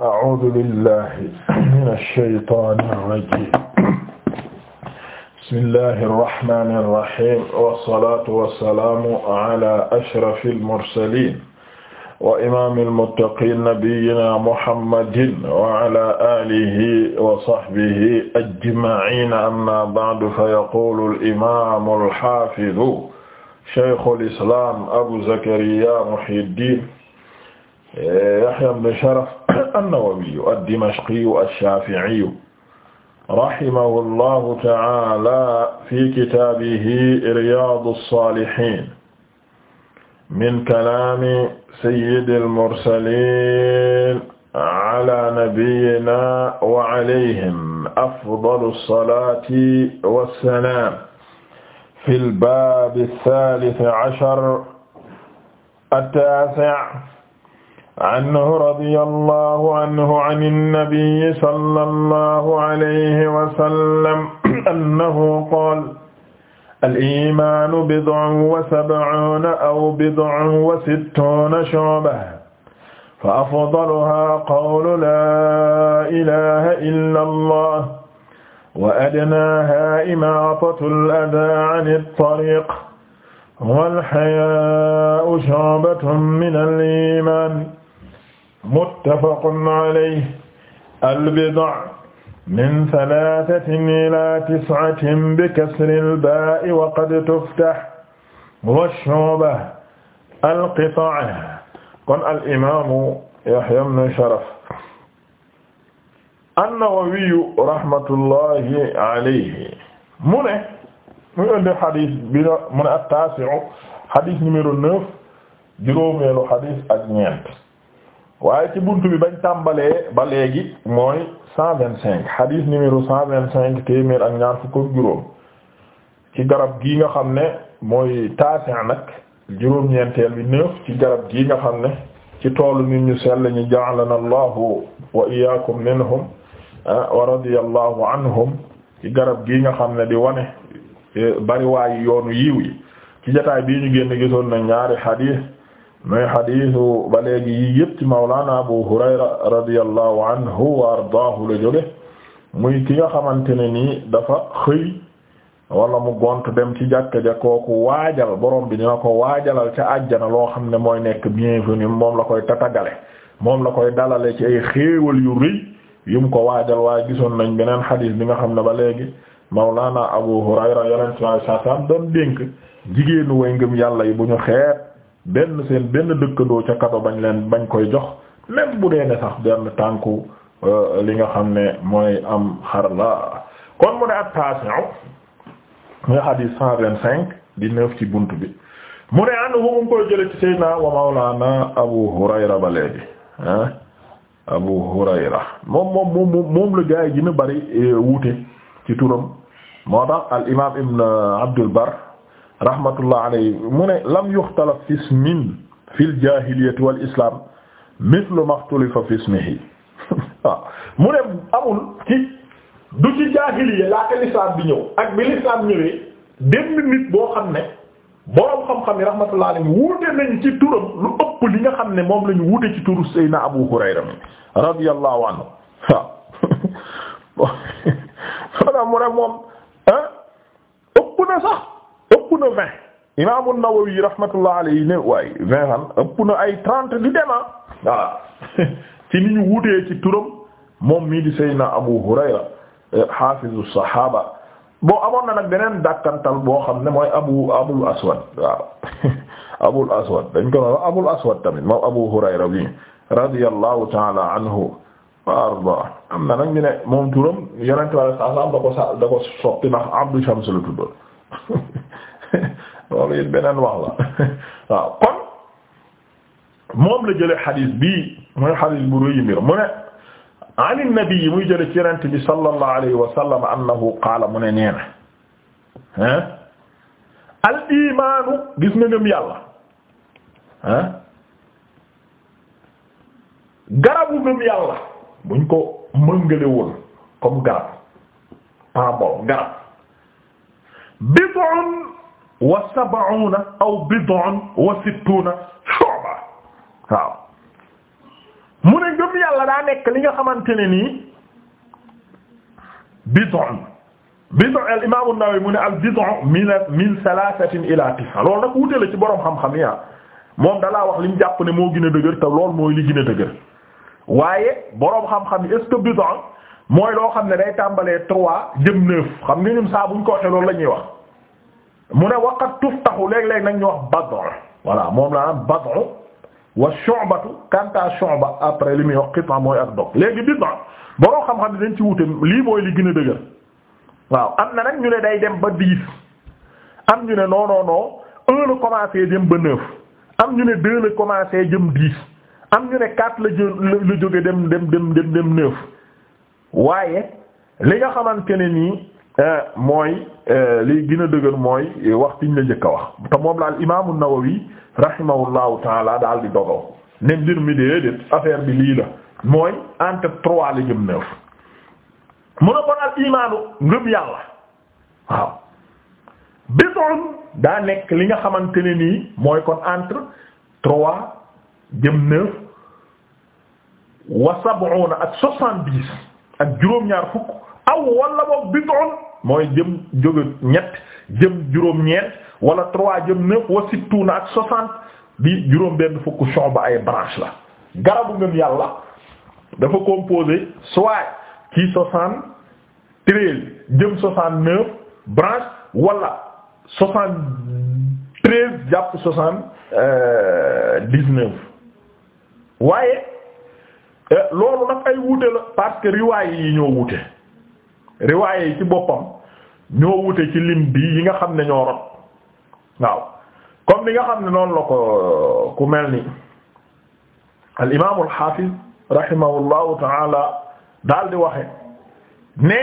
أعوذ بالله من الشيطان الرجيم بسم الله الرحمن الرحيم والصلاة والسلام على أشرف المرسلين وإمام المتقين نبينا محمد وعلى آله وصحبه أجمعين أما بعد فيقول الإمام الحافظ شيخ الإسلام أبو زكريا محي الدين يحيى بن شرف an-Nawawi ad-Dimashqi ash-Shafi'i rahimahu llahu ta'ala fi kitaabihi Riyaadu s-Saalihiin min kalaami sayyidil mursaliin ala nabiyyinaa wa alayhim afdalu s-salaati wa s-salaam fil baabi s-saalis ashar at-taasi' anhu radiyallahu anhu ani nabiyyi sallallahu alayhi wa sallam annahu qaala al-iimaanu bid'un wa sab'uuna aw bid'un wa sittuuna shu'batan fa afdaluhaa qawlu laa ilaaha illallaah wa adnaahaa imaatatul adaa ani ttariiq wal hayaa'u shu'batun minal iimaan muttafaqun alayhi al-bid'u min thalathatin ila tis'atin bi kasri al-ba'i wa qad tuftah wash-shu'ba al-qita'a kon al-imaamu Yahya ibn Sharaf an-Nawawi rahmatullahi alayhi mu ne muy indi xadis bi mu ne at-taasi'u xadis numéro neuf juróomeelu xadis ak ñeent waaye ci buntu bi bañ tàmbalee ba léegi mooy cent vingt cinq hadith numéro cent vingt cinq téeméer ak ñaar fukk ak juróom ci garab gii nga xam ne mooy taasin nag juróom-ñeenteel bi neuf ci garab gii nga xam ne ci toolu nit ñu sell ñu ja'alana allahu wa iyaakum minhum wa radiyallahu anhum ci garab gii nga xam ne di wane eh, bariwaayu yoonu yiw yi ci jotaay bii ñu génn gisoon na ñaari hadith mooy xadiisu ba léegi yi yëpp ci mawlaana abu hurayra radiyallahu anhu wa ardaahu la jóge muy ki nga xamante ne nii dafa xëy wala mu gont dem ci jàkka ja kooku waajal borom bi dina ko waajalal ca àjjana loo xam ne mooy nekk bienvenu moom la koy tatagale moom la koy dalale ci ay xéewal yu rëy yum ko waajal waaye gisoon nañ beneen xadiis bi nga xam ne ba léegi mawlaana abu hurayra yonent sallallahu alayhi wasallam doon dénk jigéenu way ngëm yàlla yi bu ñu xeet benn seen benn dëkkandoo ca kado bañ leen bañ koy jox même bu dee ne sax benn tànku euh, li nga xam ne mooy am xar la kon mu ne ak taasi'u muy hadith cent vingt cinq di neuf ci bunt bi mu ne ànd fu mu koy jële ci Seydina wa Mawlana Abu Hurayra ba léegi Abu Hurayra moom moom moom la gaa yi gën bari euh, wuute ci turam moo tax al imaam Ibn Abdul Bar rahmatullah alayhi mu ne lam yuxtalaf fi ismin fil fi ismihi waaw ah, mu ne amul ak bi lislaam ñëwee benn nit boo xam ne boroom xam-xam yi rahmatullah alayhi wuute ci turam lu ëpp li nga xam ne moom la ñu ci turu Seydina Abu Hurayra mi radiyallahu anhu mu ne moom ah, ëpp na sax. ëpp na vingt imaamu Nawawi rahmatullah alayhi ne waay vingt fan ëpp na ay trente di dema ah. voilà ci ni ñu moom mii di Seydina Abu Hurayra hafizu eh, sahaba bon amoon na nag beneen dàkkantal boo xam ne mooy abu abul aswad waaw abul aswad dañ ko noonu abul aswad tamit moom abu hurayra bi radiyallahu taala anhu wa arda am na nag ñu ne moom turam yonent wala saasaam da ko sa da abdu shams la tuddoon loolu it beneen wax la waaw kon moom la jële xadiis bii mooy xadiis bu rëy mbir mu an nabi muy jële ci bi sallallahu alayhi wa sallam annahu qaala mu ne nee na al imaanu gis nga ngëm yàlla ah garabu ngëm yàlla buñ ko mëngalewul comme garab parabol wa sab'una aw bid'un wa sittuna waaw mu ne ngëm yàlla daa nekk li nga xamante ne nii bid'un bid'un al imam an mu ne al bid'u min min thalathatin ila tis'a loolu nag wute la ci borom xam-xam ya ah. moom dalaa wax li mu jàpp ne moo gën a dëgër te lool mooy li gën a dëgër waaye boroom xam-xam yi est-ce mooy loo xam ne day tàmbalee trois jëm neuf xam nga ñun saa buñ ko waxee loolu la ñuy wax mu ne waqat tuftaxu léeg-léeg nag ñu wax bad'u voilà moom laa naan bad'u wa shu'batu kanta ba après li muy wax qit'a mooy ak dog léegi bid'a boroo xam-xam ne dañ ci wute lii mooy li gën a dëgër waaw am na nag ñu ne day dem ba dix am ñu ne non non non un la commencé jëm ba neuf am ñu ne deux la commencé jëm dix am ñu ne quatre la la jóge dem dem dem dem dem waaye li nga xamante ne nii Eh, mooy eh, li gën a dëgër mooy eh, wax tiñ la njëkk a wax te moom laal imaamu Nawawi rahimahullahu taala daal di dogoo ne mbir mi déedéet affaire bi lii la mooy entre trois la jëm neuf mun a bon al imaanu ngëm yàlla waaw bid'un daa nekk li nga xamante ne nii mooy kon entre trois jëm neuf wa sab'una ak soixante-dix ak juróom-ñaar fukk aw wala boog bid'un mooy jëm jóge ñett jëm juróom-ñeent wala trois jëm neuf wa sittuna ak soixante bi juróom benn fukk ba ay branche la garabu ngëm yàlla dafa composé soit ci soixante treize jëm soixante neuf branche wala soixante treize jàpp soixante dix neuf waaye eh, loolu nag ay wuute la parce que riwaay yi ñoo wuute riwaaye yi ci boppam ñoo wute ci lim bi yi nga xam ne ñoo rot waaw comme li nga xam ne noonu la ko euh, ku mel ni al imaam al xaafiz rahimahullahu taala daal di waxe ne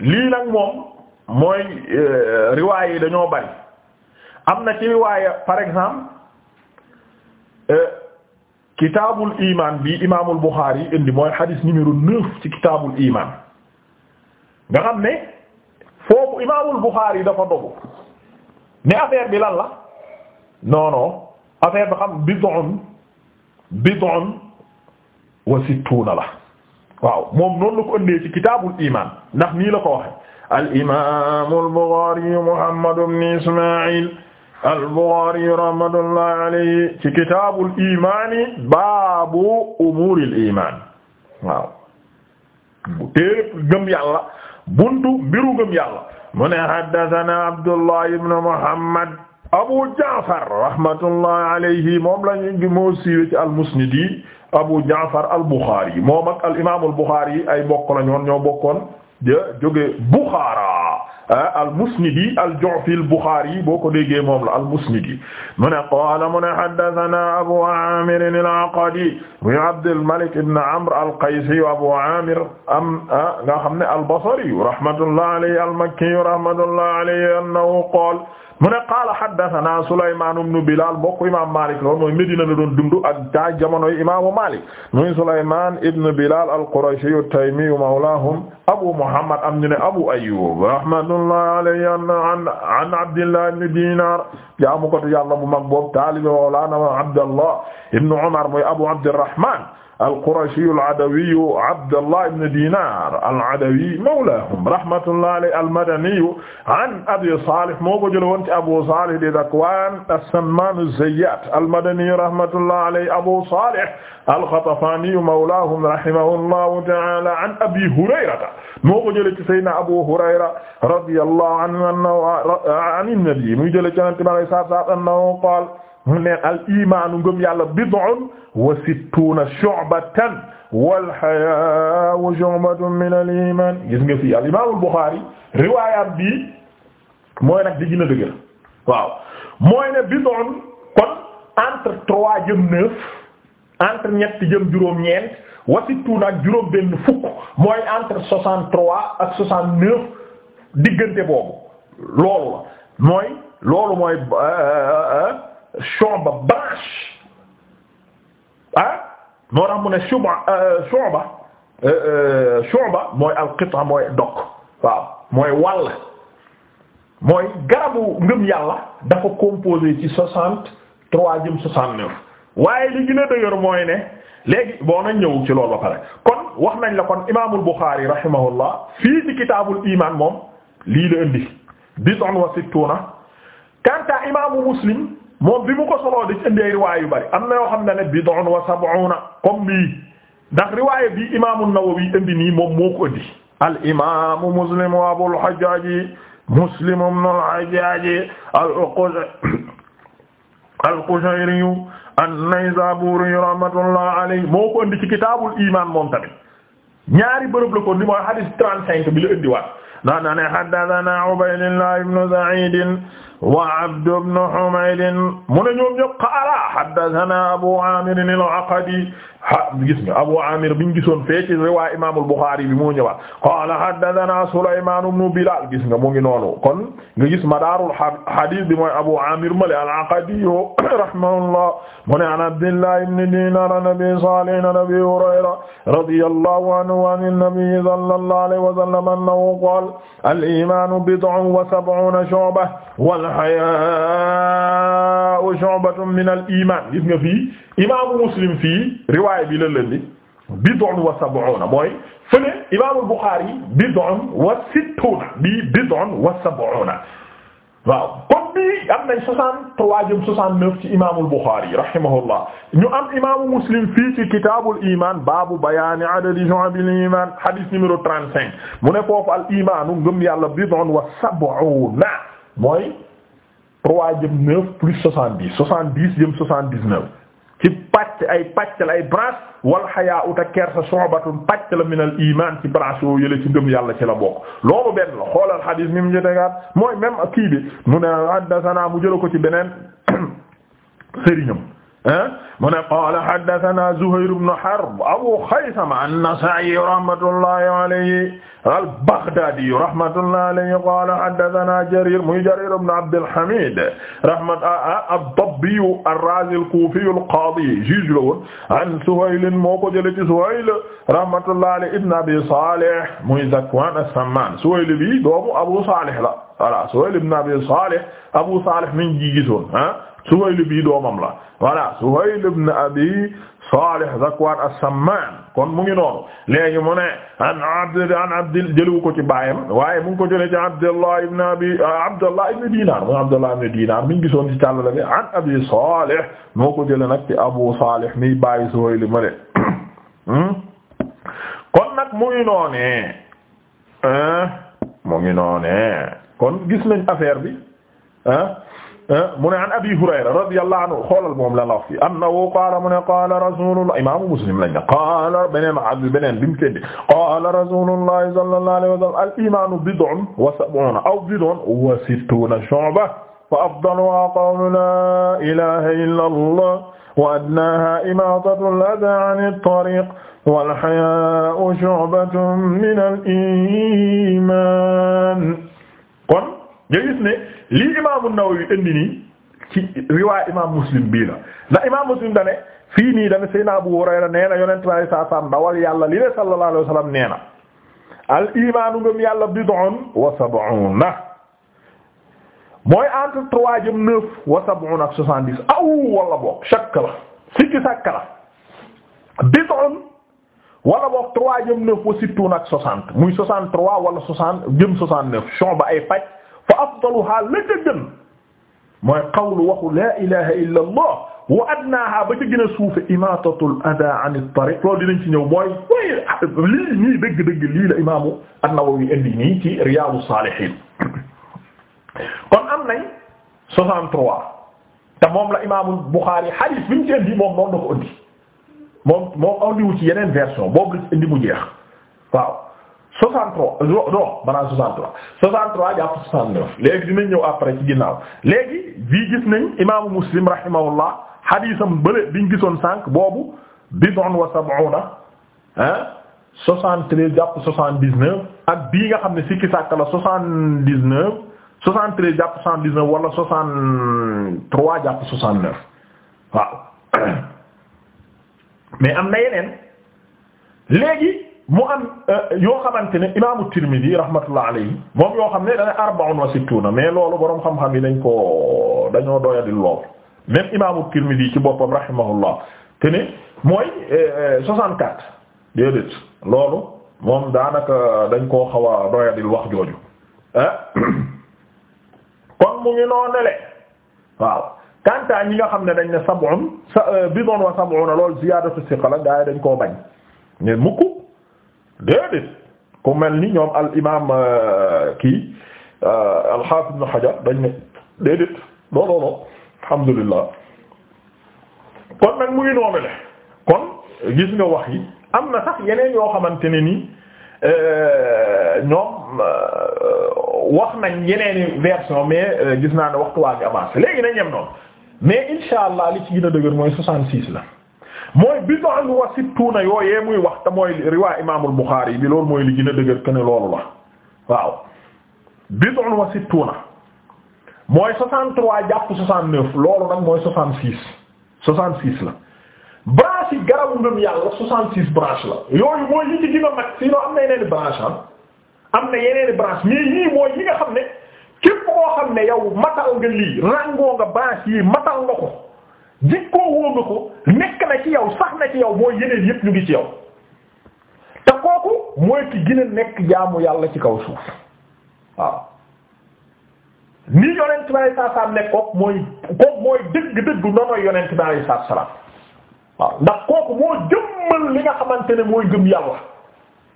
lii nag moom mooy euh, riwaay yi dañoo bari am na ci riwaaya par exemple euh, kitaabul iman bi imaamul Buxaari indi mooy xadis numéro neuf ci kitaabul iman nga xam ne foofu imaamul Buxaari yi dafa dogu ne affaire bi lan la non non affaire bi xam bid'un bid'un wa sittuuna la waaw moom noonu la ko ëndee ci kitaabul imaan ndax nii la ko waxe al imaamul Buxaari Muhammad ibn Ismaa'il al Buxaari rahmatullahi alayhi ci kitaabul imaani baabu umuuril imaan waaw téere gëm yàlla buntu mbiru gëm yàlla mu ne haddathana Abdullah ibn Muhammad Abu Ja'far rahmatullah alayhi moom lañu moo siiwee ci al-Musnad Abu Ja'far al-Bukhari moom ak al-Imam al-Bukhari ay bokk lañu woon ñoo bokkoon de jóge Bukhara Ah, al-Musnidi al-Ju'fi al-Bukhari boo ko déggee moom la al-Musnidi mu ne qaala mu ne haddathana Abu Amir al-Aqadi wa Abdul-Malik ibn Amr al-Qaysi wa Abu Amir am ah, nga xam ne al-Basri rahmatullahi alayhi al-Makki rahmatullahi alayhi annahu qaala mu ne qaala haddathana Sulaymaan ibn Bilaal mbokk imaam Maalik loolu mooy Medina la doon dund ak taa jamonoy imaamu Maalik muy Sulaymaan ibn Bilaal al-Qurashi at-Taymi mawlaahum Abu Muhammad am ñu ne Abu Ayyuub rahmatullahi alayhi an Abdillah ibn Diinaar jaamu ko Yàlla bu mag boobu taalibe mawlaana Abdallah ibn Umar muy Abu Abdirrahmaan al-Qurashi al-Adawi Abdallah ibn Dinar al-Adawi mawlahum rahmatullah alayhi al-Madani an Abi Salih moo ko jëlee woon ci Abu Salih di Dakwan as-Samman az-Zayyat al-Madani rahmatullah alayhi Abu Salih al-Ghatafani mawlahum rahimahullahu ta'ala an Abi Hurayra moo ko jëlee ci Sayyidina Abu Hurayra radiyallahu anhu an an-Nabi muy jëlee ci Yonent bi alayhi salaatu wa salaam annahu qaala al-iimaanu ngëm yàlla bid'un wa sittuuna shu'batan wal hayaa'u shu'batun min al iman gis nga fii al mooy nag di gën a dëgër waaw mooy ne bidon kon entre trois jëm neuf entre ñett jëm juróom-ñeent wa sittuuna ak juróom-benn fukk mooy entre soixante-trois ak soixante-neuf diggante boobu loolu mooy loolu mooy euh, euh, euh, Shu'ba branche. ah moo tax mu ne shuba euh, shuba euh, euh, shuba mooy alqita mooy dog waaw mooy wàll mooy garabu ngëm yàlla dafa composé ci soixante trois jëm soixante neuf waaye li gën dëgër mooy ne léegi boo nañ ñëw ci loolu ba pare kon wax nañ la kon imaamul Buxaari rahimahullah fii ci kitaabul imaan moom lii la indi bid'un wa kanta imaamu Muslim moom bi mu ko soloo di ci indi ay riwaay yu am na yoo xam ne ne bid'un wa sab'una comme bii ndax riwaay bi imaamu Nawawi indi moom moo ko al imaamu Muslim wa Abul Hajjaj Muslim ibn al Hajjaj al-Qushayri an-Naysaburi rahmatullahi alayhi moo ko indi ci kitaabul iimaan moom tamit ñaari bërëb la ko mooy hadith 35 bi la indiwaat naan na ne haddathana Ubaydullah Sa'id wa Abd ibn Humayd mu ne ñoom ñëpp qaala haddathana Abu Aamir al-Aqadi ha gis nga Abu Amir bi ñu gisoon fee ci riwaa Imaamul Buxaari bi moo ñëwaat qaala haddasanaa Sulaymaan ibnu Bilaal gis nga mu ngi noonu kon nga gis madaarul hadiis bi mooy Abu Amir male al-Aqadi rahimahullah mu ne an Abdillah ibn Diinaar an Abii Saalih an Abii Hurayra radiyallahu anhu an an-Nabii sallallahu alayhi wa sallam annahu qaala al-iimaanu bid'un wa sab'uuna shu'batun wal-hayaa'u shu'batun mina al-iimaan gis nga fii Imaamu Muslim fii riwaay bi la lëndi bid'un wa sab'una mooy fële imaamul Buxaari bid'un wa sittuna bii bid'un wa sab'una waaw comme bii am nañ soixante trois jëm soixante Muslim fii ci kitaabul iman baabu bayaani adadi shu'abil iman hadith cinq mu ne foofu al imaanu ngëm yàlla bid'un wa sab'una mooy trois jëm neuf ci pàcc ay pàcc la ay branche wal xayaa uta kersa sobatun pàcc la minal iman ci branche yoo yële ci ngëm yàlla ci la bokk loolu benn la xoolal xadiis mi mu jëtegaat mooy même kii bi mu ne haddasana mu jëla ko ci beneen sëriñam mu ne qaala haddathana Zuhayr ibn Harb Abu Khaythama an-Nasa'i rahmatullahi alayhi al-Baghdadi rahmatullahi alayhi qaala haddathana Jarir muy Jarir ibn Abd al-Hamid rahmat ah, ah, ad-Dabbi ar-Razi al-Kufi al-Qadi juge la woon an Suhayl moo ko jëlee ci Suhayl rahmatullahi alayhi ibn Abi Salih muy Zakwan as-Samman Suhayl bi doomu Abu Salih la voilà Suhayl ibn Abi Salih Abu Salih mi ngi gisoon ah Suhayl bi doomam la voilà Suhayl ibn Abi Salih Zakwan as-Samman kon mu ngi noonu léegi mu ne an abd an abd jëliwu ko ci baayam waaye mu ngi ko jëlee ci Abdullah ibn Abi ah, Abdullah ibn Dinar mu Abdullah ibn Dinar mi ngi gisoon ci tàll la an Abi Salih moo ko jëlee nag ci Abu Salih mi bàyyi Suhayl ma de hmm? kon nag mu ngi noonee mu ngi noonee kon gis nañ affaire bi ah Eh, mu ne an abi hurayra radiyallahu anhu xoolal moom la lax fi annahu qaala mu ne qaala rasulullah imaamu muslim lañ ne qaala beneen abi beneen bi mu tëdd qaala rasulullahi sallallahu alayhi wa sallam al imaanu bid'un wa sab'una aw bid'un wa sittuna shu'ba fa afdaluha qawlu la ilaha illa allah wa adnaha imatatu al-adha 'ani at-tariq wal hayaa'u shu'batun min al-iman kon nga gis ne lii imaamu Nawawi indi nii ci riwaay imaam Muslim bii la ndax imaam Muslim dane fii nii dane Seydina Abu Hurayra nee na yonent bi saa saam dawal yàlla li de sallallahu alayhi wa sallam nee na al imaanu ngëm yàlla bid'un wa sab'una mooy entre trois jëm neuf wa sab'una ak soixante-dix aw wala boog shakk la sikki sàkk la bid'un wala boog trois jëm neuf wa sittuna ak soixante muy soixante-trois wala soixante jëm soixante-neuf ba ay pàcc fa afdaluha la ca gën mooy qawlu waxu laa ilaha illa allah wa adnaaha ba ca gën a suufe imatatul ada an at-tariq loolu dinañ ci ñëw mooy lii ñii dëgg-dëgg lii la imaamu an-Nawawi indi nii ci Riyadu Salihin kon am nañ 63 te moom la imaamu Bukhari hadith bi mu ci indi moom moom da ko indi moom moom andiwu ci yeneen version boobu la ci indi mu jeex waaw 63 non maanaam 63 63 jàpp 69 léegi dinañ ñëw après ci ginnaaw léegi bii gis nañ imaamu muslim rahimahullah hadisam bële biñ gisoon sànq boobu bid'un wa sab'una ah 73 jàpp 79 ak bii nga xam ne sikki sàkk la 79 73 jàpp 79 wala 63 jàpp 69 waaw mais am na yeneen léegi. mu am euh, yoo xamante ne imaamu Tirmidi rahmatullah alayhi moom yoo xam ne dana arba'un wa sittuna mais loolu boroom xam-xam yi dañ ko dañoo doyadi lool même imaamu Tirmidi ci boppam rahimahullah te ne mooy 64 euh, euh, déedéet loolu moom daanaka dañ koo xaw a doyadil wax jooju ah kon mu ngi noonele waaw kanta ñi nga xam ne dañ ne sab'un bidon wa sab'una loolu ziyaadatu siqa la gaa yi dañ koo bañ ne déedéet ku mel ni ñoom al imaam euh, kii euh, al-Hafiz Ibn Hajar dañ ne déedéet non non non alhamdulillah kon nag muy noome le kon gis nga wax yi am na sax yeneen yoo xamante ne ni euh, ñoom wax nañ yeneeni version mais gis naa ne waxtu waa ngi avancé léegi nañ yem noonu mais insha allah li ci gën a dëgër mooy soixante-six la mooy bid'un wa sittuuna yooyee muy wax te mooy riwaa imaamul Buxaari bi loolu mooy li a dëgër këne loolu la waaw bid'un wa sittuuna mooy 63 jàpp 69 loolu nag mooy 66 66 la branche yi garabu ngëm yàlla 66 branche la yooyu mooy li ci gën a mag sinon am na yeneen branche am am na yeneen branche mais yii mooy yi nga xam ne képp koo xam ne yow matal nga lii ràngoo nga branche yi matal nga ko jikkoo woo nga ko nekk na ci yow sax na ci yow mooy yeneen yépp ñu ngi ci yaw te kooku mooy ki gën nekk jaamu yàlla ci kaw suuf waaw ni yonent bi alayhi salaam nekk kooku mooy kooku mooy dëgg-dëgg noonu yonent bi alayhi salaam waaw ndax kooku moo jëmmal li nga xamante ne mooy gëm yàlla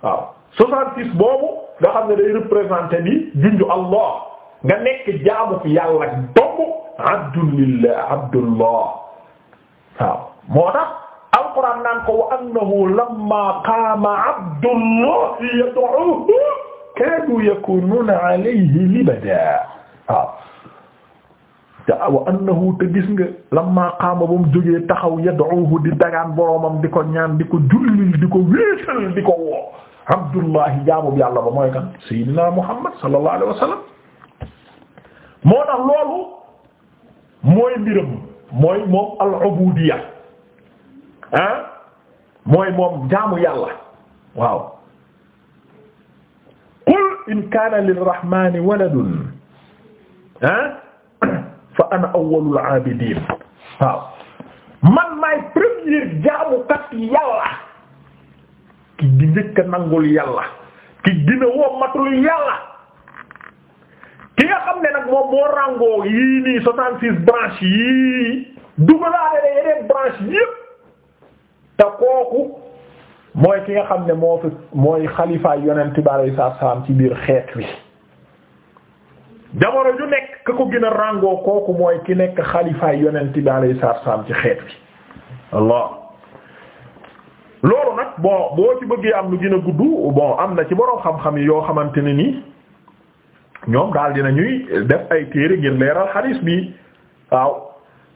waaw soixante boobu nga xam ne day représenter ni junju Allah nga nekk jaamu fi yàlla dong abdulillah abdullah waaw moo tax alquran naan ko wa annahu lamma qaama abdullahi yad'uhu kaadu yakununa alayhi libada waaw te wa annahu te gis nga lamma qaama ba mu jógee taxaw yad'uhu di dagaan boroomam di ko ñaan di ko jullil di ko wéetal di ko woo abdullahi jaamub yàlla ba mooy kan sayyidina muhammad sallallahu alayhi wa sallam moo tax loolu mooy mbiram mooy moom al-ubudiyya ah mooy moom jaamu yàlla waaw qul in kaana lirrahmani waladun ah fa ana awwalul aabidiin waaw man maay premier jaamukat yàlla ki di njëkk nangul yàlla ki dina wommatul yàlla ki nga xam ne nag moom moo ràngoo yii nii soixante-six branches yii dugalaale ne yeneen te kooku mooy ki nga xam ne moo fi mooy xalifaay yonent bi alayhi salaam ci biir xeet wi jamono ju nekk ka ko gën a ràngoo kooku mooy ki nekk xalifaay yonent bi alayhi salaam ci xeet wi loolu nag bon boo ci bëggee am lu gën a gudd bon am na ci boroom xam-xam yi yoo xamante ne nii ñoom daal dina ñuy def ay téere ngir leeral xadiis bi waaw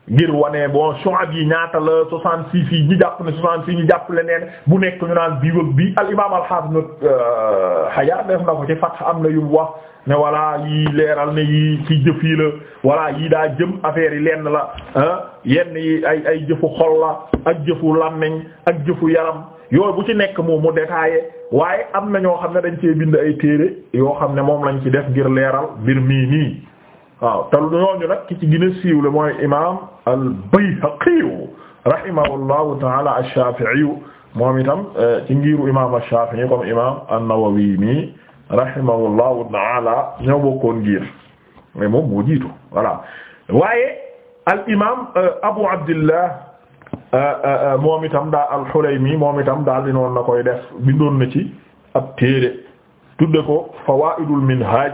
ngir wane bon shu'ab yi ñaata la soixante six yi ñu jàpp ne soixante six ñu jàpp leneen bu nekk ñu naan bii wëg bi al imaam al hafiz nag euh, Hajar def na ko ci Fath am na yu mu wax ne voilà yi leeral ne yi ci jëf yi la voilà yi daa jëm affaire yi lenn la yenn yi ay ay jëfu xol la ak jëfu làmmiñ ak jëfu yaram yooyu bu ci nekk moom mu détaillé waaye am na ñoo xam ne dañ cee bind ay téere yoo xam ne moom lañ ci def ngir leeral mbir mii nii waaw te ñooñu nag ki ci gën siiw la mooy imaam al-Bayhaqi rahimahullahu ta'ala ash-Shafi'i moom itam euh, ci ngiru imaam ash-Shafi'i comme imaam an-Nawawi nii rahimahullahu ta'ala ñoo bokkoon ngir moom moo jiitu voilà waaye al imaam euh, Abu Abdillah Euh, euh, euh, moom itam daa al-Hulaymi moom itam daal di noonu na koy def bindoon na ci ab téere tudde ko Fawaa'idul Minhaaj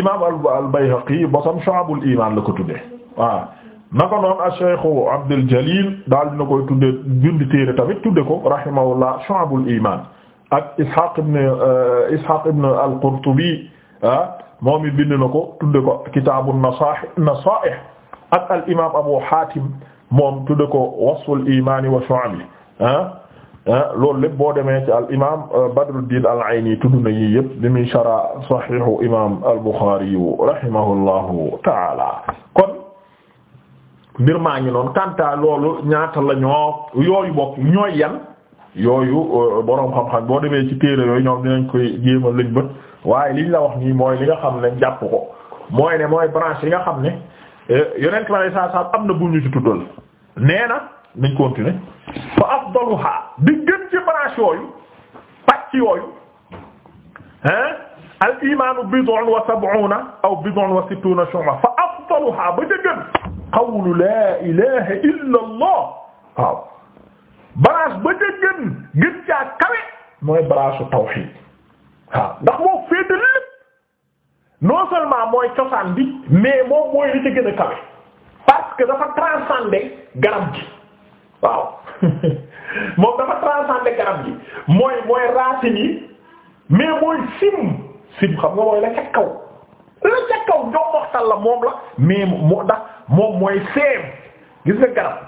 imaam al-Bayhaqi bosam Shu'abul Iimaan la ko tudde waaw naka noonu as-Shaykh Abdul Jalil daal dina koy tudde bind téere tamit tudde ko rahimahullah Shu'abul Iimaan ak Ishaq ibn Ishaq ibn al-Qurtubi moom it bind na ko tudde ko Kitaabun Nasaa'ih ak al imaam Abu Haatim moom tudde ko wasful imaani wa shu'abi ah ah loolu lépp boo demee ci al imaam euh, diin al-Ayni tudd na yii yëpp bi muy shara sahihu imaam al-Bukhari rahimahullahu taala kon mbir maa ngi noonu kanta loolu ñaata la ñoo yooyu bokk ñooy yan yooyu euh, boroom xam-xam boo demee ci téere yooyu ñoom dinañ koy jéema lañ bët waaye liñ la wax nii mooy li nga xam ne jàpp ko mooy ne mooy branche yi nga xam ne Eh, yonent bi a salaatu salaam am na bu ñu ci tuddal nee na nañ continuer fa afdaluha di gën ci hein al imaanu bid'un wa sab'una aw bid'un wa sittuna shu'ba fa afdaluha ba ca gën illa allah waaw branche ba ca gën gën caa kawe tawhid waaw ndax moo féete lépp non seulement mooy cosaan bi mais moom mooy li ci gën a kawe parce que dafa transcender garab gi waaw moom dafa transcender garab gi mooy mooy racines yi mais mooy sim sim xam nga mooy la ca kaw la ca kaw jomboxtal la moom la mais moo ndax moom mooy seem gis nga garab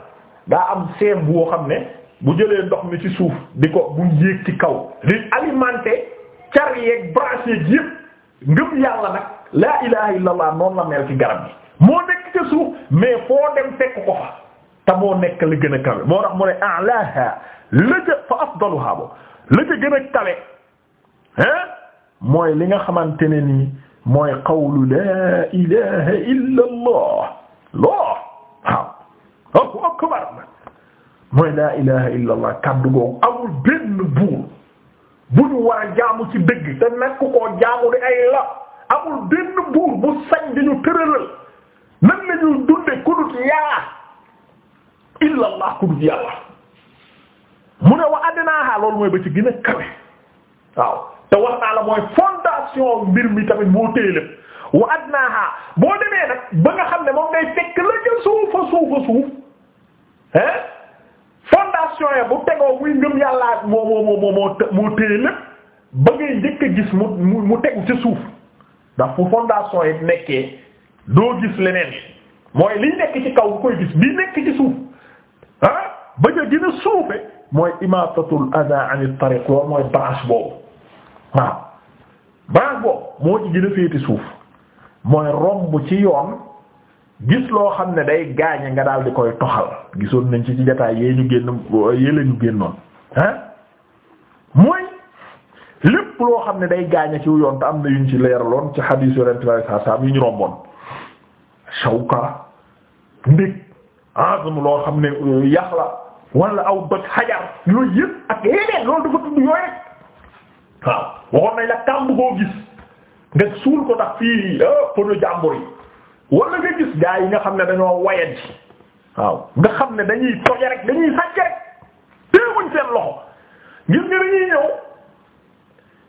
daa am seem boo xam ne bu jëlee ndox mi ci suuf di ko bu yéeg ci kaw li alimenter car yeeg branche yeeg yépp ngëm yàlla nag laa ilaha illallah noonu la mel ci garab gi moo nekk ca suuf foo dem fekk ko fa te moo nekk la gën a kawe moo tax mu ne a'laha la fa afdaluha bo la ca kawe hein mooy li nga xamante ne nii mooy qawlu laa ilaha illa allah loo waaw Allahu akbar mooy laa ilaha illa allah kàddu googu benn buur bu ñu war a jaamu ci dëgg te nekk koo jaamu di ay la amul benn buur bu sañ di ñu tëralal nan la ñuy dunde ku dut yàlla illa allah ku dut mu ne wa adnaaha loolu mooy ba ci gën kawe waaw te wax naa la mooy fondation mbir mi tamit moo téye lépp wa adnaaha boo demee nag ba nga xam ne moom day fekk la ca suufa suufa suuf hein fondation ya bu tegoo muy ngëm yàllaa moo moo moo moo moo téye lépp ba ngay njëkk a gis mu mu mu tegu ci suuf ndax fondation yi nekkee doo gis leneen mooy li nekk ci kaw bu koy gis bi nekk ci suuf ah ba nga gën a mooy imatatul ada anit tariq loolu mooy branche boobu waaw branche boobu moo ci gën féete suuf mooy romb ci yoon gis loo xam ne day gaañe nga daal di koy toxal gisoon nañ ci ci jotaay yee ñu génn yële ñu génnoon ah mooy lépp loo xam ne day gaañe ci yoon te am na yuñ ci leeraloon ci xadiis xam ne euh, la wala aw doj yooyu yëpp ak loolu dafa tudd yooyu waaw waxoon nañ la kàmb koo gis nga suul ko tax fii ah, pënu jàmbur yi wala nga gis gaa yi nga xam ne dañoo wayat ji waaw nga xam ne dañuy toje rek dañuy sàcc rek teewuñ seen loxo gis nga dañuy ñëw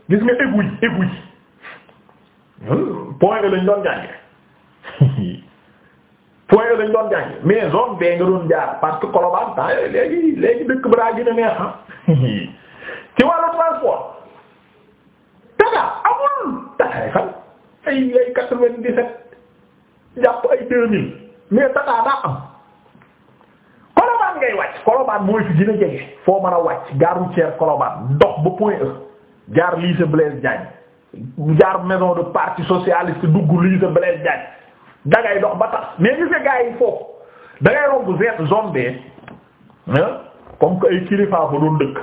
gis nga égu yi égu yi hmm, point lañ doon jànge point lañ doon jànge mais zone bee nga doon jaar parce que Colobane temps yooyu léegi léegi dëkk bi daa gën a neex ah. ci wàllu transport. Dakar amul Dakar fan ay ay quatre-vingt-dix-sept jàpp ay deux mille mais tataa daa am kolobaan ngay mooy fi dina jege foo mën a wàcc gare routière kolobaan dox ba point E gare Blaise Diagne jaar maison de parti socialiste dugg lycée Blaise Diagne dangay dox ba tax mais gis nga gaa yi foofu dangay zone zone bee comme que ay kilifaa fa doon dëkk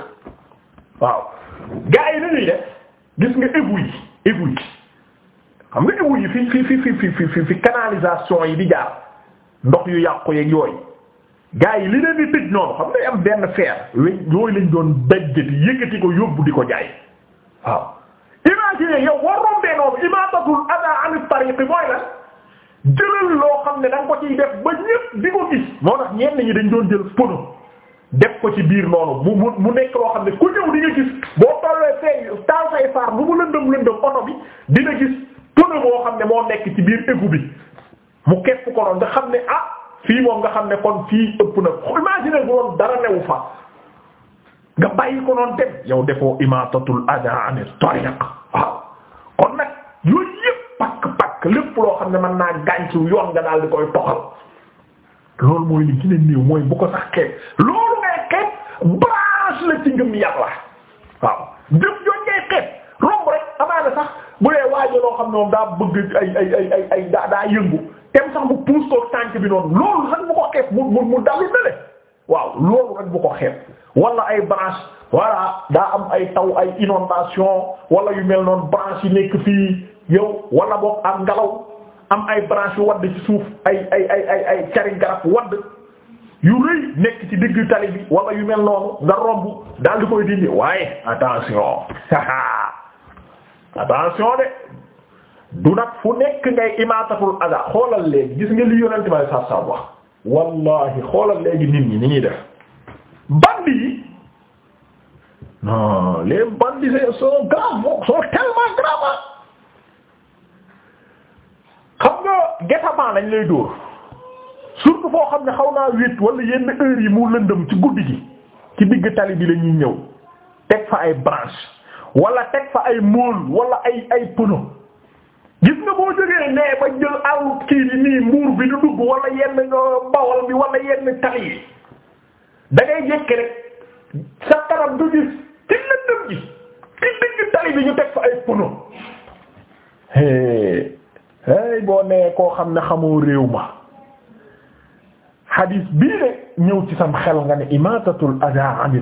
waaw gaa yi ni ñuy def gis nga égout yi xam nga éwu yi fi fi fi fi fi fi canalisation yi di jaar ndox yu yàqu yeeg yooyu gars yi li leen di tëj noonu xam nga am benn fer yooyu lañ doon dajjati yëkkati ko yóbbu di ko jaay waaw imagine yow war rombee noonu imatatul ada anit tariqi mooy la jëlal loo xam ne da nga ko ciy def ba ñépp di ko gis moo tax ñenn ñi dañ doon jël pono def ko ci biir noonu mu mu mu nekk loo xam ne ku ñëw di nga gis boo tollee fee taal say faar bu mu lëndëm lëndëm oto bi dina gis pneu boo xam ne moo nekk ci biir égout bi mu képp ko noonu nga xam ne ah fii moom nga xam ne kon fii ëpp na imagine bu doon dara newu fa nga bàyyi ko noonu dem yow defoo imatatul ada anir tariq waaw kon nag yooyu yëpp pakk pakk lépp loo xam ne mën naa gànci yoon nga daal di koy toxal loolu mooy li gën a néew mooy bu ko sax xeeb loolu ngay xeeb branche la ci ngëm yàlla waaw jëm jooñ ngay xeeb romb rek amaana sax bu dee waajo loo xam ne moom daa bëgg ay ay ay ay ay daa daa yëngu tem sax mu puus ko tànk bi noonu loolu rek bu ko xeeb mu ay branche voilà daa am ay taw ay inondation wala yu mel noonu branche yi nekk fii yow wala boog am ngelaw am ay branche yu wadd ci suuf ay ay ay ay ay garab wadd yu rëy nekk ci digg tali bi wala yu mel noonu nga romb daal di koy dindi waaye attention attention de du nag fu nekk ngay imaatatul ada xoolal léegi gis nga li yonent may saab saab wax wallahi xoolal léegi nit ñi ni ñuy def bandi yi non les bandits sont graves sont tellement graves xam nga guet-apens lañ lay dóor surtout foo xam ne xaw naa wéet wala yenn heures yi mu lëndëm ci guddi gi ci digg tali bi lañuy ñëw teg fa ay branche wala teg fa ay mool wala ay ay pono gis nga boo jógee nee ba jël aw kii bi nii mbuur bi du dugg wala yenn euh, bawol bi wala yenn tali yi da ngay rek sa tarab du gis ci lëndëm gi ci tali bi ñu teg fa ay pono hey hey boo nee koo xam ne xamoo réew ma. xadiis bii de ñëw ci sam xel nga ne imaatatul adaa an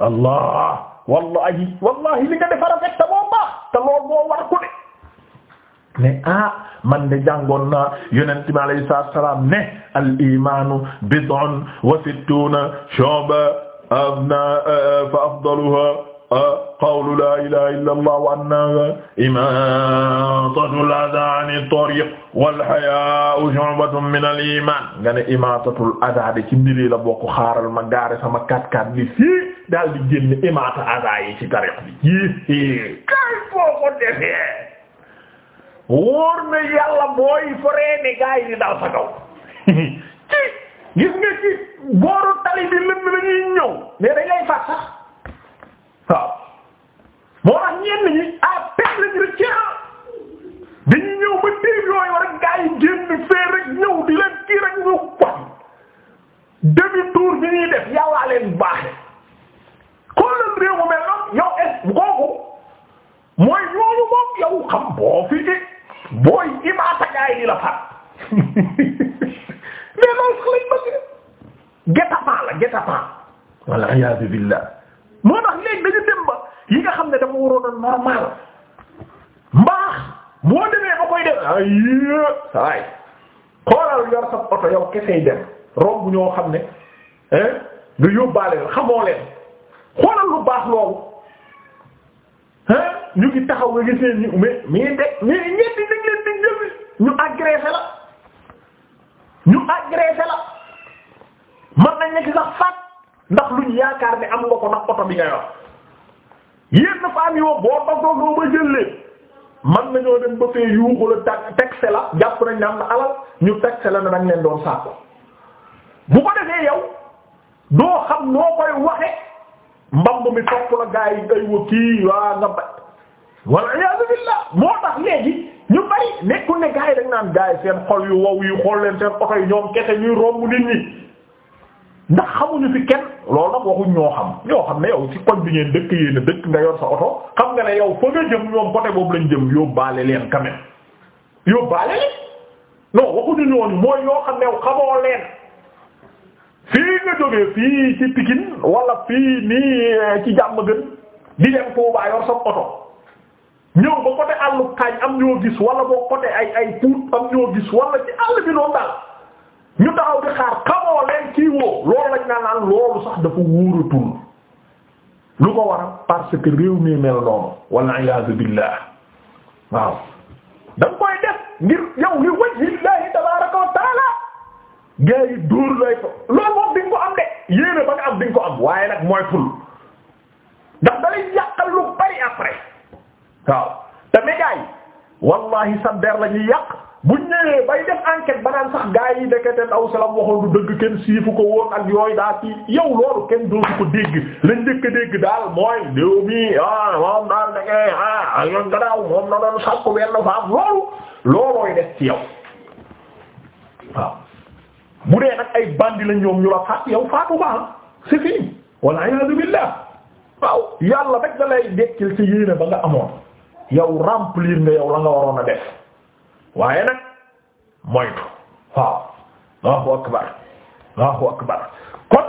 allah wallahi wallahi li nga def rafet te moo baax te loolu moo war ku ne ne ah man de jàngoon naa yonent bi alayhi salaatu salaam ne al imaanu bid'un wa sittuuna shu'ba fa afdaluha Ah, qawlu laa ilaaha illallah wa annahaa imaatatul adaa ani tariiq wal hayaa'u shu'batun minal iimaan nga ne imaatatul adaa de ci mbiri la bokk xaaral ma gaare sama kat-kat bi fii daal di génn imaata adaa yi ci tariiq bi yii kay boo ko defee wóor na yàlla booy freine gaa yi di dal sa kaw ci gis nga ci booru tali bi lënd la ñuy ñëw mais dañ lay fàtt sax waaw moo tax ñenn ñi à peine lañu rek dañu ñëw ba dégg yooyu rek gaa yi génn fee rek ñëw di leen kii ñu kon demi tour bi ñuy def yàllaa leen baaxe kon leen réew mu mel noonu yow est kooku mooy ñooñu moom yow xam boo fi di booy imaata gaa yi di la fat mais loolu lañ bëgg getapan la getapan walla iyaazu billah moo tax léegi dañu dem ba yi nga xam ne dafa waroon a normal mbaax moo demee ba koy def ay xoolal yor sa oto yow kesey dem romb ñoo xam ne nga yóbbaale xamoo leen xoolal lu baax loolu ñu ngi taxaw nga gis leen ñu mais de mais ñetti dañ leen di jël ñu agressé la ñu agressé la man nañ nekk sax faat ndax luñ yaakaar ni am nga ko ndax oto bi nga yor yenn faam yoo boo bagoo doo ba jël man nañoo dem ba fee yuuxu la taxe la jàpp nañ ne am na alal ñu taxe la na nag leen doon sàkko bu ko defee yow doo xam noo koy waxe mbamb mi topp la gaa yi day wa kii waa nga ba walla iyaazu billaah moo tax léegi ñu bari nekkul ne gaa yi naan gaa seen xol yu wow yu xool leen seen oto yi ñoom kese ñuy romb nit ñi ndax xamuñu fi kenn loolu nag waxuñ ñoo xam ñoo xam ne yow ci koñ bi ngeen dëkk yéen dëkk nga yor sa oto xam nga ne yow fa nga jëm ñoom côté boobu lañ jëm yóbbaale leen quand même yóbbaale leen non waxuñu ñooñu mooy ñoo xam ne yow xamoo leen fii nga jógee fii ci Pikine wala fii nii eh, ci jàmm gën di dem Touba yor sa oto ñëw ba côté àllu Kañ am ñoo gis wala boo côté ay ay Pout am ñoo gis wala ci àll bi noonu daal. ñu taxaw di xaar xamoo leen kii loolu lañ naan loolu sax dafa wóoratul lu ko waral parce que réew mi mel noonu walla iyaazu billah waaw da koy def ngir yow li wajhillahi tabaaraka wa taala gars yi dóor lay ko loolu moom ko am de yéene ba am di ko am waaye nag mooy ful ndax dalay yàqal lu bari après waaw te médias wallahi sa der la bu ñëwee bay def enquête ba naan sax gaa yi ndekete ndaw salaam waxoon du dëgg kenn siifu ko woon ak yooyu daa ci yow loolu kenn dootu ko dégg lañ njëkk a dégg daal mooy déw mi ah moom daal da ngay ah yoon gannaaw moom na doon sakku benn faam loolu loolooy def ci yow waaw bu dee nag ay bandi la ñoom ñu la faat yow faatu ba ah c'est fini walla a'uuzu billaah waaw yàlla rek da lay dekkil ci yéene ba nga amoon yow remplir nga yow la nga waroon a def. waaye nag moytu waaw Allahu akbar Allahu akbar kon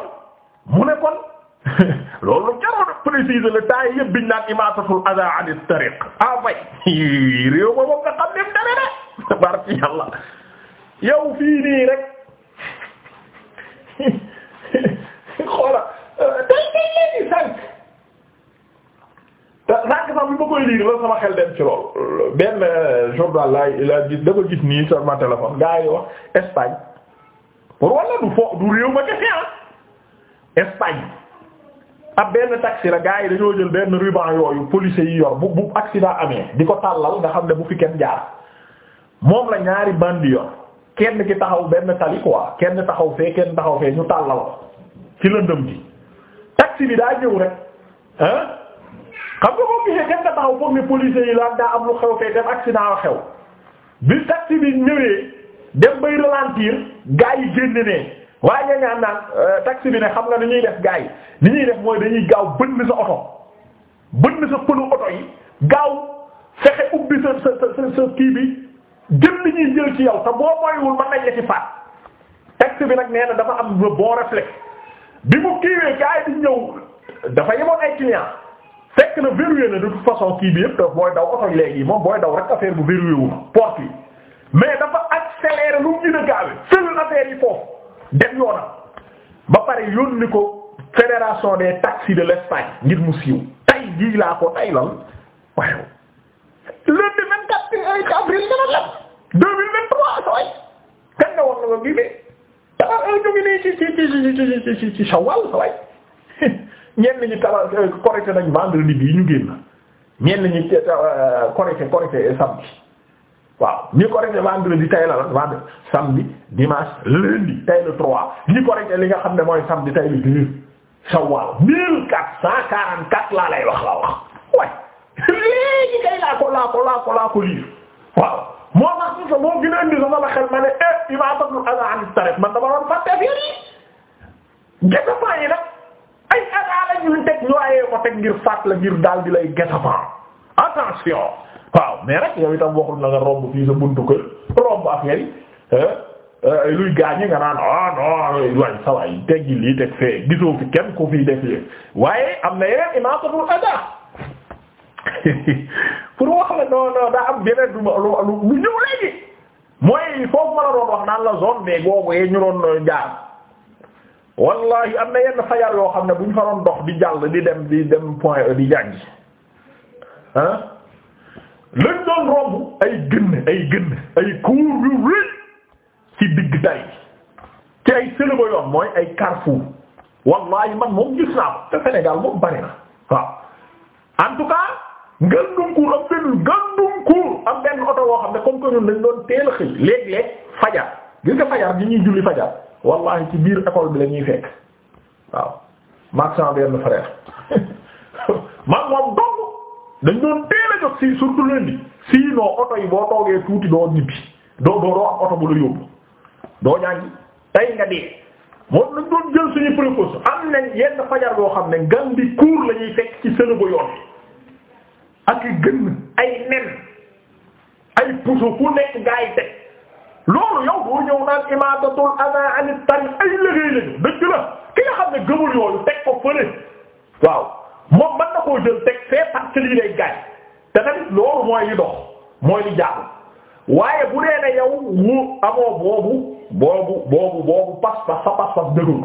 mu ne kon loolu jarul a préciser le temps yii yëpp biñ naan imaatatul adaa ani tariq ah fay réew ma moom nga xam ne mu demee de barki yàlla yow fii nii rek xoola euh, tey tey léegi sànq. rànk sax bi ma koy lire la sama xel dem ci lool benn journal laay laa dafa gis nii sama téléphone gaa yi wax Espagne pour walla du fo du réew ma kese ah Espagne ab benn taxi la gaa yi dañoo jël benn ruban yooyu policiers yi yor bu bu accident amee di ko tàllal nga xam ne bu fi kenn jaar moom la ñaari bandi yor kenn ki taxaw benn tali kenn taxaw fee kenn taxaw fee ñu tàllal ci lëndëm gi taxi bi daa ñëw rek ah xam nga ko gisee kenn nga taxaw foog ne policiers yi lan daa am lu xew fee dem accident la xew bi taxi bi ñëwee dem bay ralentir gars yi génn ne waaye nga ñaan naan euh, taxi bi ne xam nga ni ñuy def gars yi ni ñuy def mooy dañuy gaaw bënn sa oto bënn sa pënu oto yi gaaw fexe ubbi sa sa sa kii bi jël li ñuy jël ci yow te boo mooywul mën nañ la ci faat taxi bi nag nee dafa am le bon réflexe bi mu kiiwee gars yi di ñëw dafa yemoon ay fekk na verrouillé na de toute façon kii bi yëpp daf booy daw oto léegi moom booy daw rek affaire bu verrouillé wu porte yi mais dafa accéléré lu mu gën a gaawe fëlal affaire yi foofu dem yoonam ba pare yónni ko fédération des taxis de l'Espagne ngir mu siiw tay jii laa ko tay lal waaye lundi vingt-quatre avril dana lap deux mille vingt-trois sooy kan nga war na ko bii bi dama jógi nii ci ci ci ci ci ci ci Shawwal sooy ñenn ñi tawa Korité nañ vendredi bi ñu génn ñenn ñi Korité euh, Korité samedi waaw ñi Korité vendredi tay la vendredi samedi dimanche lundi tay le trois ñi Korité li nga xam ne mooy samedi tay le deux Shawwal mille quatre cent quarante quatre laa lay wax la wax waay léegi kay laa ko laa ko laa ko laa ko lii waaw moo tax ñu moo gën a indi sama la xel ma ne eh bi maa bëgg lu ànd ak man dama doon fàtte ak yéen yi gerte faa ay adaa la ñu teg ñu ayee ko teg ngir faat la ngir daal di lay guet attention waaw mais rek yow itam waxul na nga romb fii sa buntu kër romb affaire yi euh, luy gaañi nga naan ah non waay sa waay teg gi lii am na yeneen pour wax la non non daa am beneen lu lu ñëw léegi mooy foofu ma la doon wax naan la zone mais boobu ñu doon jaar. wallahi am na yenn fajar yoo xam ne bu ñu fa doon dox di jàll di dem di dem point e di jàngi ah lañ doon romb ay gën ay gën ay cour yu rëy ci digg tay ci ay sëlëba yoon mooy ay carrefour wallahi man moom gis naa ko te Sénégal moom bari waaw en tout cas ngandum cour am benn ngandum oto woo xam ne comme que ñun lañ doon teel a xëy léeg-léeg fajar gis nga fajar ñi ñuy julli fajar wallahi ci biir école bi la ñuy fekk waaw maag benn frère maag moom dong dañ doon teel a jóg si surtout lundi sinon oto yi boo toogee tuuti doo ñibbi doo doo doo am oto bu la yóbbu doo ñàngi tay nga dee moom lañ doon jël suñu précaution am nañ yenn fajar goo xam ne ngan di cours la fekk ci sëna ba yoon ak gën ay nen ay puso fu nekk gaa yi teg loolu yow boo ñëw naan imaadatul adaa anit tari ay liggéey lañu dëgg la ki nga xam ne ko fële waaw moom mën na koo jël teg fee parce que lii lay gaañ te loolu mooy li dox mooy li jaaxul waaye bu dee ne yow mu amoo boobu boobu boobu boobu pas pas sa pas pas dëggul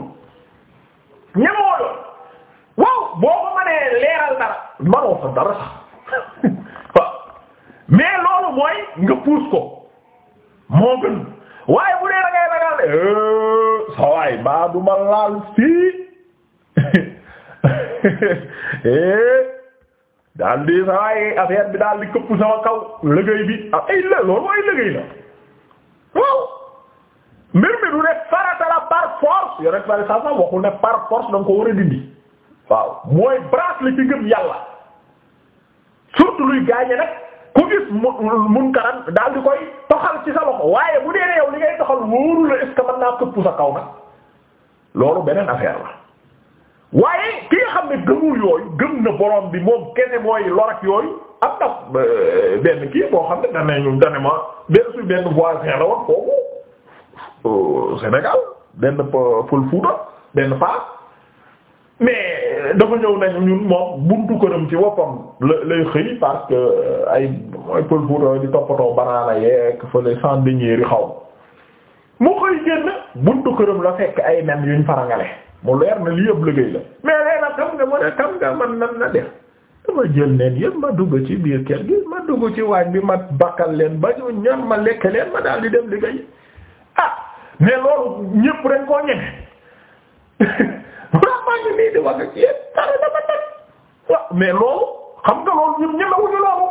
ñemoo yoon waaw boo ko mënee leeral dara loolu mooy nga puus moo gën waaye bu dee da ngay ragal eh, sa waay baa du ma eh, daal di sa waay bi daal di këpp sama kaw liggéey bi ay ah, eh, la loolu mooy liggéey la waaw mbir mi du ne farata par force yo rek sa sa waxul ne par force da ko war a dindi mooy brace li ci gëm surtout luy gaañe nag ku gis munkaran daal di koy toxal ci sa loxo waaye bu dee yow li ngay toxal wóoru la est-ce naa këpp sa kaw nag loolu beneen affaire la waaye ki xam ne gëmul yooyu gëm na borom bi moom kene mooy lor yooyu am na euh, benn kii boo xam ne dana ñu ma benn suñ benn voisin la woon foofu euh, Sénégal benn pël Fuuta benn Paar mais euh, dafa ñëw nañ ñun moom buntu këram ci woppam lay xëy parce que euh, ay mooy pël Fuuta di toppatoo banaana yeeg fële sandinière yi xaw mu xëy génn buntu këram la fekk ay nen yuñ farangale mu leer na li yëpp liggéey la mais leen a xam nga man xam nga man nan na def dama jël neen yëpp ma dugg ci biir kër gi ma dugg ci waañ bi ma bakkal leen ba ñu ñam ma lekk leen ma daal di dem liggéey ah mais loolu ñëpp rek koo ñeme maa ngi nii di wax ak yéen dara dama tëj waaw mais loolu xam nga loolu ñun ñemewuñu loolu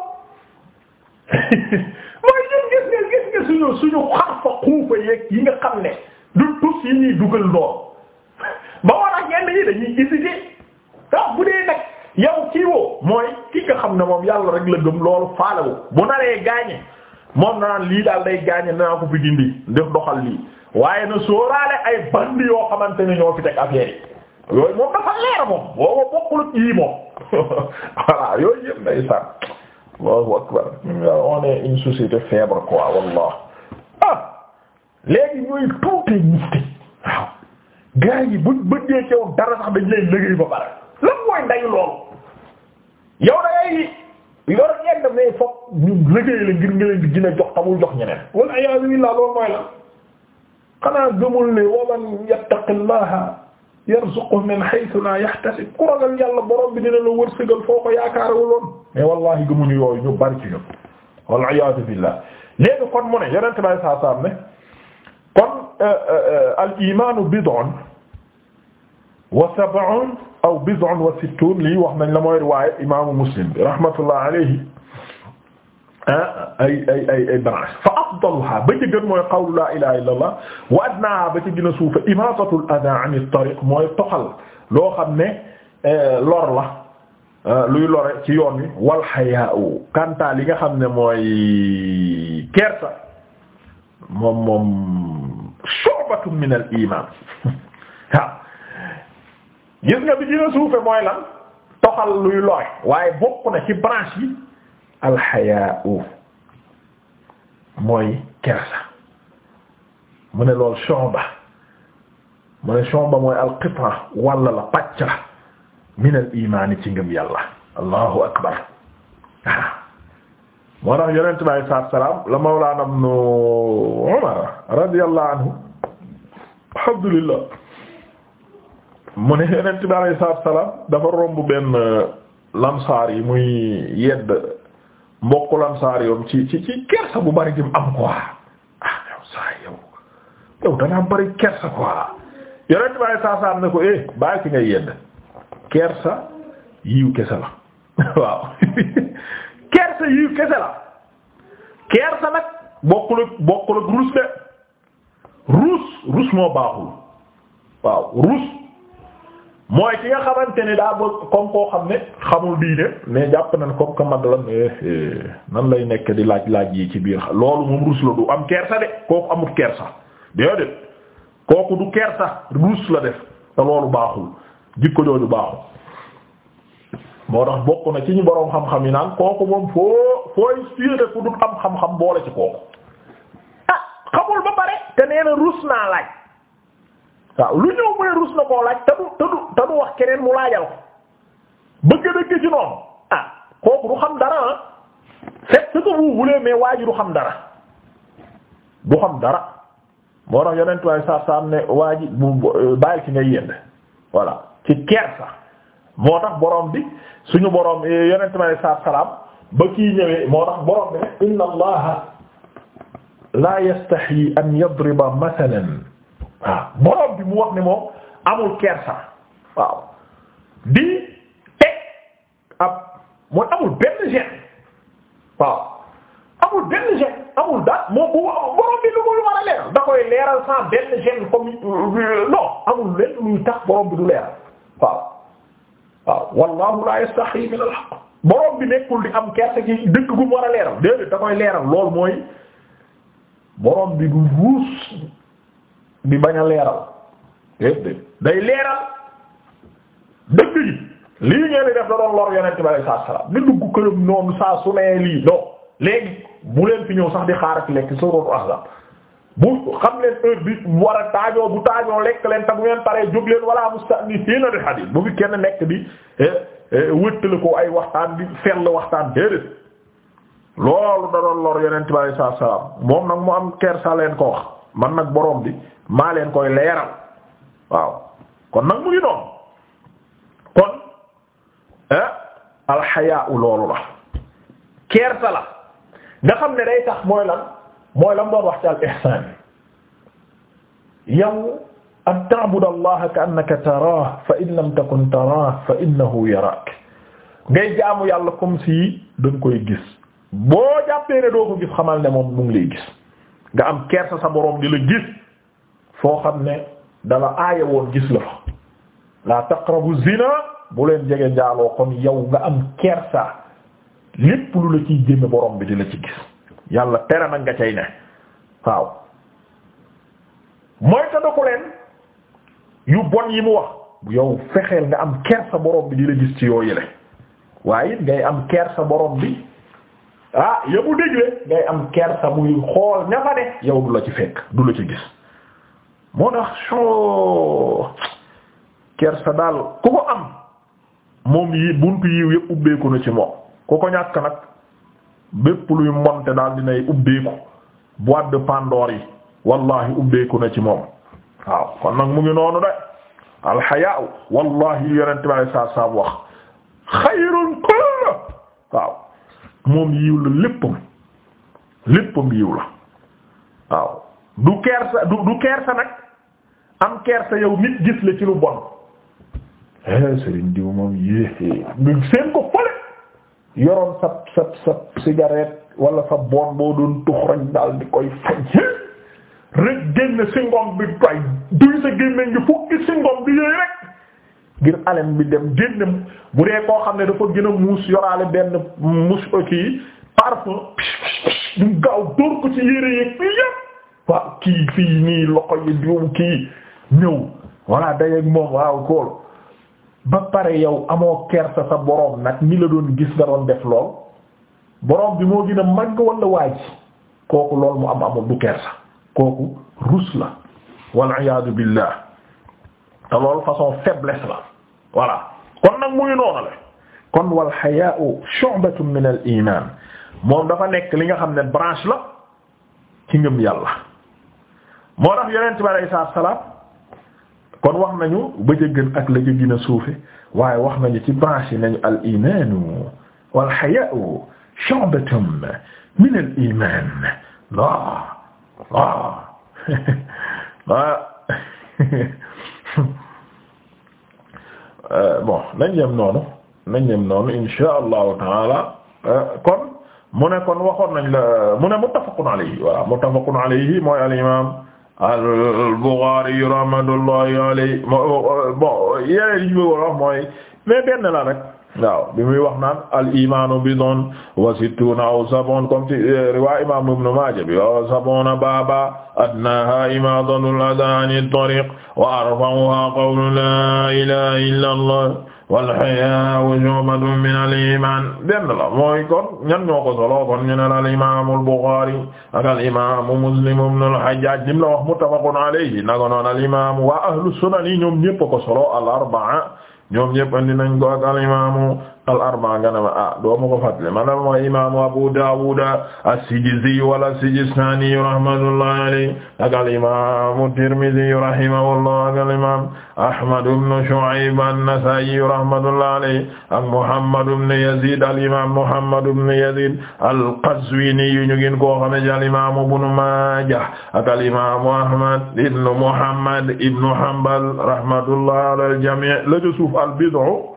mooy ñun gis nga gis nga suñu suñu xarfa xuufa yeeg yi nga xam ne du tus yi ñuy dugal lool ba war ak yenn yi dañuy hésité tax bu dee nag yow kii woo mooy ki nga xam ne moom yàlla rek la gëm loolu faalawu bu naree gaañe moom naan lii daal day gaañe naa ko fi dindi def doxal lii waaye na sóoraale ay bandi yoo xamante ne ñoo fi teg affaire yooyu moom dafa leer moom booba bokkul yii moom voilà yooyu yëpp day sànn Allahu akbar on est une société faible quoi wallah ah léegi ñooy tuutee mufti waaw gars yi buñ bëggee ceew dara sax dañ lay liggéey ba pare lan mooy ndayu loolu yow da ngay yor yenn mais foog ñu nga leen di gën ñeneen wala ayaazu billah loolu mooy la xanaa gëmul ne wa man yattaqillaha yarzuqhu min haythu la yahtasib ku ragal yàlla borom bi dina la wërsëgal foo ko yaakaarewul woon mais wallahi gëmuñu yooyu ñu bari ci ñun wal iyaadu billah léegi kon mu ne yonent bay saa saam ne kon euh, euh, al imaanu bid'un wa sab'un aw bid'un wa sittun lii wax nañ la mooy riwaaya imaamu muslim bi rahmatullah alayhi Ah, ay ay ay ay branche fa afdaluha ba ci gën mooy qawlu laa ilaha illa allah wa adnaaha ba ci gën a suufa imatatu l ada an il tariq mooy toxal loo xam ne eh, lor la eh, luy lore ci yoon wi wal xayaau kanta li nga xam ne mooy kersa moom moom shu'batun min al iman waaw gis nga bi gën a suufe mooy lan toxal luy lore waaye bokk na ci branche yi alxayaau mooy kersa mu ne lool shomba mu ne shomba mooy alqita walla la pàcc la min al imaani ci ngëm yàlla allahu akbar moo tax yonent bi alayhi salaatu salaam la mawlaana ibnu Umar radiyallahu anhu alhamdulillah mu ne yonent bi alayhi salaatu salaam dafa romb benn lamsaar yi muy yedd mbokkul ansaar yoom ci ci ci kersa bu bari jëm am quoi ah yow saa yow yow dangaa bari kersa quoi yonent bàyyi saa saa am ne ko eh bàyyi ki ngay yedd kersa yiw kese la waaw kersa yiw kese la kersa nag bokkul ak bokkul ak ruus de ruus ruus moo baaxul waaw ruus mooy ki nga xamante ne daa bëgg comme koo xam ne xamul diine mais jàpp nañ comme que mag la eh, nan lay nekk di laaj laaj yi ci biir loolu moom ruus la du am kersa de kooku amul kersa déedéet kooku du kersa ruus la def te loolu baaxul jikko jooju baaxul. moo tax bokk na ci ñu boroom xam-xam yi naan kooku moom foo fooy suyete ku du am xam-xam boole ci kooku. ah xamul ba pare te nee ruus naa laaj. waaw lu ñëw mooy rus na koo laaj te du te du te du wax keneen mu laajal ko bëgg dëgg ci noonu ah kooku du xam dara ah c'est ce que vous voulez mais du xam dara du xam dara moo tax yeneen tubaab yi ne waa bu euh, bàyyil ci ngay yéend voilà ci keer sax moo tax borom bi suñu borom yeneen tubaab yi ba kii ñëwee moo tax borom ne inna allaha la yastahi an yadriba mathalan waaw bi mu wax ne moom amul kersa waaw di mooy amul benn gêne waaw amul benn gêne amul daal moom bu borom bi lu muy war a leeral da koy leeral sans benn gêne comme euh, non amul lenn luy tax borom bi du leeral waaw waaw wallahu la yastahi min al haqq bi nekkul di am kersa ci dëgg gu mu war a leeral déedéet da koy leeral loolu mooy borom bi du ruus di bañ a leeral déedéet day leeral dëgg yi lii ngeen di def da doon lor yonent bi alayhi salaam di dugg këram noonu saa su nee lii non léegi bu leen fi ñëw sax di xaar ak lekk suuratu Ahzab bu xam leen heure bi war a taajoo bu taajoo lekk leen te bu ngeen paree jóg leen wala musta'nisiina di hadiis bu fi kenn nekk di eh, eh, wëttale ko ay waxtaan di fell waxtaan déedéet loolu da doon lor yonent bi alayhi salaam moom nag mu am kersa leen ko wax man maa leen koy leeral waaw kon nag mu ngi kon ah alxayaa u loolu la nga xam ne day tax mooy lan mooy lan doon wax al ihsaan yow an ta'budu allaha ka annaka taraah fa in lam taraah fa innahu yaraak ngay jaamu yàlla comme si da koy gis boo jàppee ne doo ko gis xamal ne moom mu ngi nga am kersa sa di la foo xam ne dala aaya woon gis la fa la taqrabu zina bu leen jege njaaloo kon yow nga am kersa lépp lu la ciy génn borom bi di la ci gis yàlla tere nag nga cay ne waaw mooy ta doku leen yu bon yi mu wax bu yow fexeel nga am kersa borom bi di la gis ci yooyu le waaye it ngay am kersa borom bi ah ya mu dégle ngay am kersa muy xool ña fa ne yow du la ci fekk du la ci gis moo tax soo kersa daal ku ko am moom yi buntu yiw yëpp ubbeeku na ci moom ku ko ñàkk nag bépp luy monte daal dinay ubbeeku boîte de Pandore yi wallahi ubbeeku na ci moom waaw kon nag mu ngi noonu de alxayaa wallahi yu yonent bi saa saab wax xayrun kulla waaw moom yiw la léppam léppam yiw la waaw du kersa du du kersa nag am kersa yow nit gis la ci lu bon eh, sëriñ diw moom yéexee seen ko fole yoroon sab sab sab cigarette wala sa bon boo doon tux rek daal di koy faj rek génn si ngom bi toy duy sa gémmiñ gi fukki si ngom bi yooyu rek ngir alem bi dem génn bu dee koo xam ne dafa gën a muus yoraale benn muus kii parfum du gaaw dóor ko ci yére yéeg fii yépp waaw kii fii nii loxo yi diw kii ñëw voilà dajeeg moom waaw kool ba pare yow amoo kersa sa boroom nag mi la doon gis nga doon def lool boroom bi moo gën a màgg walla waaj kooku lool mu am amul du kersa kooku rus la wal loolu façon faiblesse la voilà kon nag muy noonu la kon wal hayaa'u shu'batun min dafa nekk li nga xam ne branche la salaam kon wax nañu ba ca gën ak la ca gën a suufe waaye wax nañu ci branche yi nañu al imaanu wal hayaa'u shu'batun min al iman la la la euh, bon nañ yem noonu nañ yem noonu insha allahu taala euh, kon mu ne kon waxoon nañ la mu ne muttafaqun alayhi voilà muttafaqun alayhi mooy al imam al-Bukhari rahmatullahi alayhi bon yeneen yi ñu bëggoon wax mooy mais benn la rek waaw bi muy wax naan al-imaanu bid'un wa sittuuna aw sab'un comme ci euh, riwaa imaam Ibn Maaja bi wa sab'uuna baaban adnaahaa imaatatul adaan an-tariiq wa arfa'uhaa qawlu laa ilaaha illallaah wal hayaa'u shu'batun min al iman benn la mooy kon ñan ñoo ko solo kon ñu ne al imam al Bukhari ak al imam Muslim ibn al Hajjaj lim la wax muttafaqun alayhi naga noon al imam wa ahlu sunan yi ñoom ñépp ko solo al arba'a ñoom ñépp andi nañ ko ak al imam al arba nga ne ma ah doo ma ko fàttali ma ne ma imaamu Abu Daawud as-Sijizi wala Sijistani rahmatullahi alayhi ak al imaamu Tirmidhi rahimahullah ak al imaam Ahmad ibn Shu'ayb an-Nasaa'i rahmatullahi alayhi ak Muhammad ibn Yazid al imaam Muhammad ibn Yazid al-Qazwini ñu gën koo xam ne al imaam Ibn Maajah ak al imaamu Ahmad ibn Muhammad ibn Hanbal rahmatullahi ala al jamii' la suuf al bid'u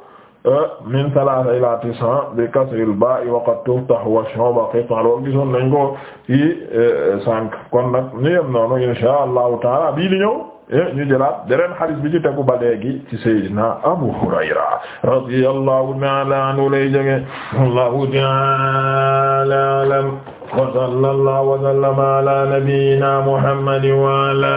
min salaasa ila tis'a bi kasril baa'i wa qad tuftahu wa shu'ba qit'a loolu gisoon nañ ko ci e, sànq kon nag ñu yem noonu insha allahu taala bii di ñëw e, ñu jëlaat beneen hadith bi ci tegu ba léegi ci sayyidina Abu Hurayra radiyallahu ta'ala anhu lay jege allahu ta'ala a'lam wa sallallahu wa sallama ala nabiyyina Muhammadin wa ala